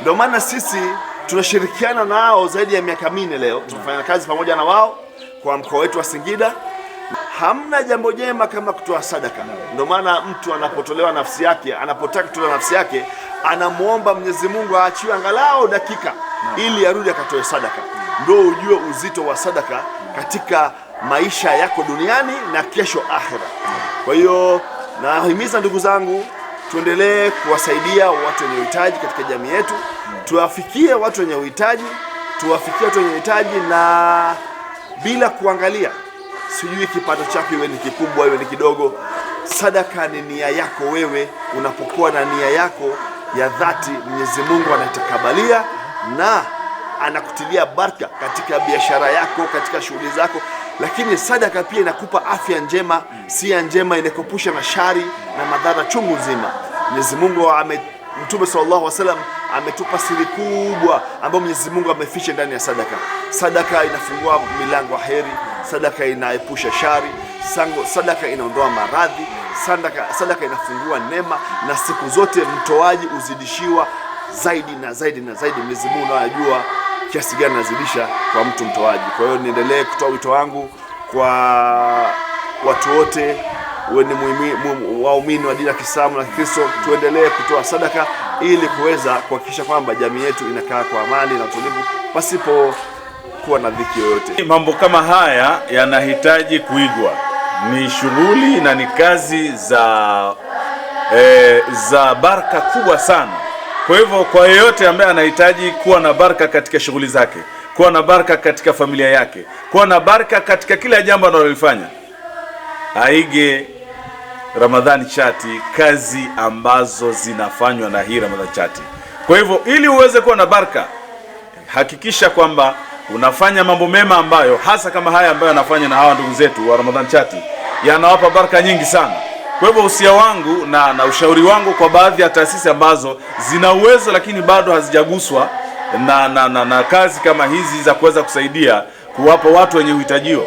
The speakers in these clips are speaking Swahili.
Ndio maana sisi tunashirikiana nao zaidi ya miaka minne leo, tunafanya kazi pamoja na wao kwa mkoa wetu wa Singida. Hamna jambo jema kama kutoa sadaka. Ndio maana mtu anapotolewa nafsi yake, anapotaka kutolewa nafsi yake, anamwomba Mwenyezi Mungu aachiwe angalau dakika ili arudi akatoe sadaka. Ndio ujue uzito wa sadaka katika maisha yako duniani na kesho akhera. Kwa hiyo nawahimiza ndugu zangu tuendelee kuwasaidia watu wenye uhitaji katika jamii yetu, tuwafikie watu wenye uhitaji, tuwafikie watu wenye uhitaji na bila kuangalia sijui kipato chako iwe ni kikubwa iwe ni kidogo. Sadaka ni nia yako wewe. Unapokuwa na nia yako ya dhati, Mwenyezi Mungu anatakabalia na anakutilia baraka katika biashara yako, katika shughuli zako lakini sadaka pia inakupa afya njema, ya njema, inakupusha na shari na madhara chungu nzima. Mwenyezi Mungu ame Mtume sallallahu alaihi wasallam ametupa siri kubwa ambayo Mwenyezi Mungu ameficha ndani ya sadaka. Sadaka inafungua milango ya heri, sadaka inaepusha shari, sadaka inaondoa maradhi, sadaka, sadaka inafungua neema, na siku zote mtoaji uzidishiwa zaidi na zaidi na zaidi. Mwenyezi Mungu anajua kiasi gani nazidisha kwa mtu mtoaji. Kwa hiyo niendelee kutoa wito wangu kwa watu wote, uwe ni waumini wa dini ya Kiislamu na Kikristo, tuendelee kutoa sadaka ili kuweza kuhakikisha kwamba jamii yetu inakaa kwa amani na utulivu pasipo kuwa na dhiki yoyote. Mambo kama haya yanahitaji kuigwa, ni shughuli na ni kazi za, eh, za baraka kubwa sana. Kwa hivyo kwa yeyote ambaye anahitaji kuwa na baraka katika shughuli zake, kuwa na baraka katika familia yake, kuwa na baraka katika kila jambo analolifanya, aige Ramadhani Chati, kazi ambazo zinafanywa na hii Ramadhani Chati. Kwa hivyo ili uweze kuwa na baraka, hakikisha kwamba unafanya mambo mema ambayo hasa kama haya ambayo anafanya na hawa ndugu zetu wa Ramadhani Chati yanawapa baraka nyingi sana. Kwa hivyo usia wangu na, na ushauri wangu kwa baadhi ya taasisi ambazo zina uwezo lakini bado hazijaguswa na, na, na, na kazi kama hizi za kuweza kusaidia kuwapa watu wenye uhitajio,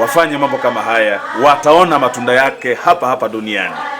wafanye mambo kama haya, wataona matunda yake hapa hapa duniani.